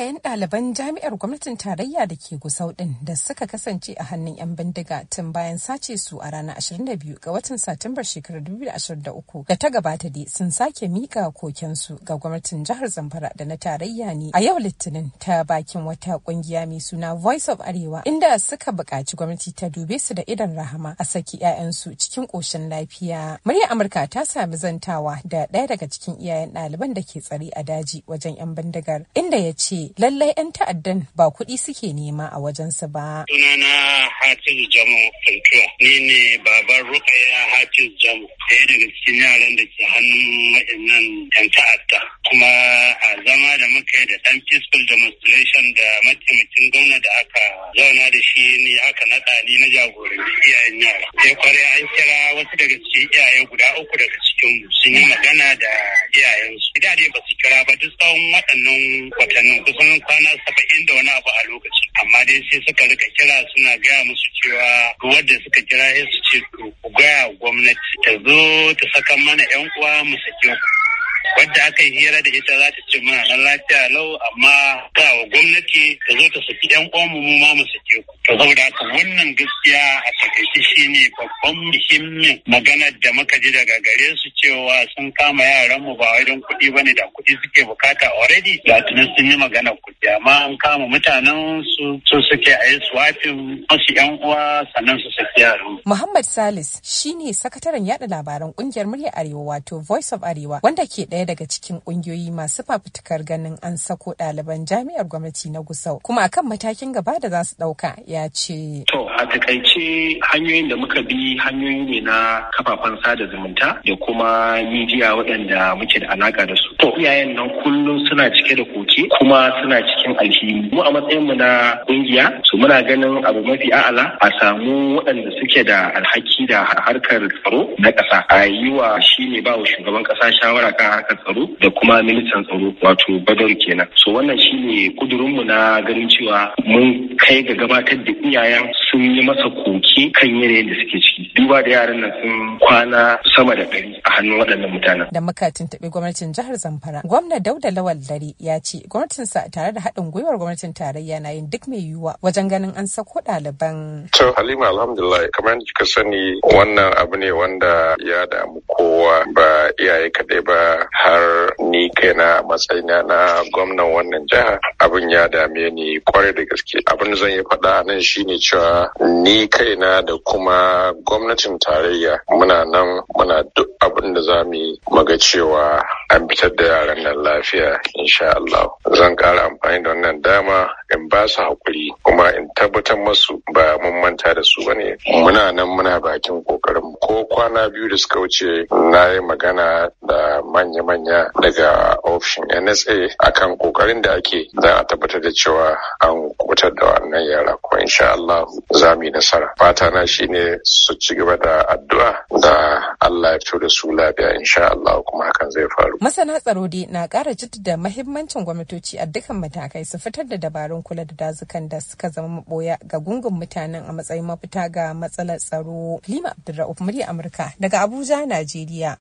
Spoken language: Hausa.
iyayen ɗaliban jami'ar gwamnatin tarayya da ke gusau ɗin da suka kasance a hannun 'yan bindiga tun bayan sace su a ranar 22 ga watan satumbar shekarar 2023 da ta gabata dai sun sake mika kokensu ga gwamnatin jihar zamfara da na tarayya ne a yau litinin ta bakin wata kungiya mai suna voice of arewa inda suka buƙaci gwamnati ta dube su da idan rahama a saki 'ya'yansu cikin ƙoshin lafiya muryar amurka ta sami zantawa da ɗaya daga cikin iyayen ɗaliban da ke tsare a daji wajen 'yan bindigar inda ya ce lallai 'yan ta'addan ba kuɗi suke nema a wajensu ba. Sunana Hafiz Jamu Fulkiya, ni ne baban Rukaya Hafiz Jamu, ɗaya daga cikin yaran da ke hannun waɗannan 'yan ta'adda. Kuma zama da muka yi da ɗan peaceful demonstration da mataimakin gwamna da aka zauna da shi ne aka naɗa ni na jagoranci iyayen yara. Sai eh, kwarai an kira wasu daga cikin iyaye guda uku daga cikin sun yi magana da iyayensu. Ida dai ba su kira ba duk tsawon waɗannan watannin kusan kwana saba'in da wani abu a lokaci. Amma dai sai suka rika kira suna gaya musu cewa wadda suka kira sai su ce ku gaya gwamnati ta zo ta saka mana 'yan uwa mu sake Wanda aka yi hira da ita za ta ce muna lafiya lau amma ga gwamnati ta zo ta saki yan uwanmu mu ma mu sake ku to saboda haka wannan gaskiya a takaice shine babban muhimmin maganar da muka ji daga gare su cewa sun kama yaran mu ba wajen kuɗi ba ne da kuɗi suke bukata already da tunan sun yi maganar kuɗi amma an kama mutanen su su suke a yi swafin masu yan uwa sannan su suke yaro. Muhammad Salis shine sakataren yada labaran kungiyar murya Arewa wato Voice of Arewa wanda ke ɗaya daga cikin kungiyoyi masu fafutukar ganin an sako ɗaliban jami'ar gwamnati na Gusau kuma akan matakin gaba da za su ɗauka ya ya ce. To a takaice hanyoyin da muka bi hanyoyi ne na kafafen sada zumunta da kuma midiya waɗanda muke da alaka da su. To iyayen nan kullum suna cike da koke kuma suna cikin alhini. Mu a matsayin mu na ƙungiya su muna ganin abu mafi a'ala a samu waɗanda suke da alhaki da harkar tsaro na ƙasa. A yi wa shi ne ba shugaban ƙasa shawara kan harkar tsaro da kuma ministan tsaro wato badar kenan. So wannan shi ne ƙudurinmu na ganin cewa mun kai ga gabatar da da iyayen sun yi masa koki kan yanayin da suke ciki duba da yaran nan sun kwana sama da gari a hannun waɗannan mutanen. Da muka tuntuɓi gwamnatin jihar Zamfara, gwamna Dauda Lawal Dare ya ce gwamnatinsa tare da haɗin gwiwar gwamnatin tarayya na yin duk mai yiwuwa wajen ganin an sako ɗaliban. To Halima alhamdulillah kamar yadda kika sani wannan abu ne wanda ya damu kowa ba iyaye kaɗai ba har ni kaina matsayina na gwamnan wannan jiha abin ya dame ni kwarai da gaske abin zan yi faɗa nan shine cewa ni kaina da kuma gwamnatin tarayya muna nan muna duk abin da za mu yi cewa an fitar da yaran nan lafiya insha Allah zan ƙara amfani da wannan dama in ba su haƙuri kuma in tabbatar masu ba mun manta da su bane muna nan muna bakin kokarin ko kwana biyu da suka wuce na yi magana da manya-manya daga ofishin nsa akan kokarin da ake za a tabbatar da cewa an kubutar da wannan yara ko insha Allah za mu yi nasara fata na ne su ci gaba da addu'a da Allah ya fito da su lafiya insha Allah kuma hakan zai faru masana tsaro dai na ƙara jaddada mahimmancin gwamnatoci a dukkan matakai su fitar da dabarun kula da dazukan da suka zama maboya ga gungun mutanen a matsayin mafita ga matsalar tsaro Lima Abdulra'uf murya Amurka daga Abuja Najeriya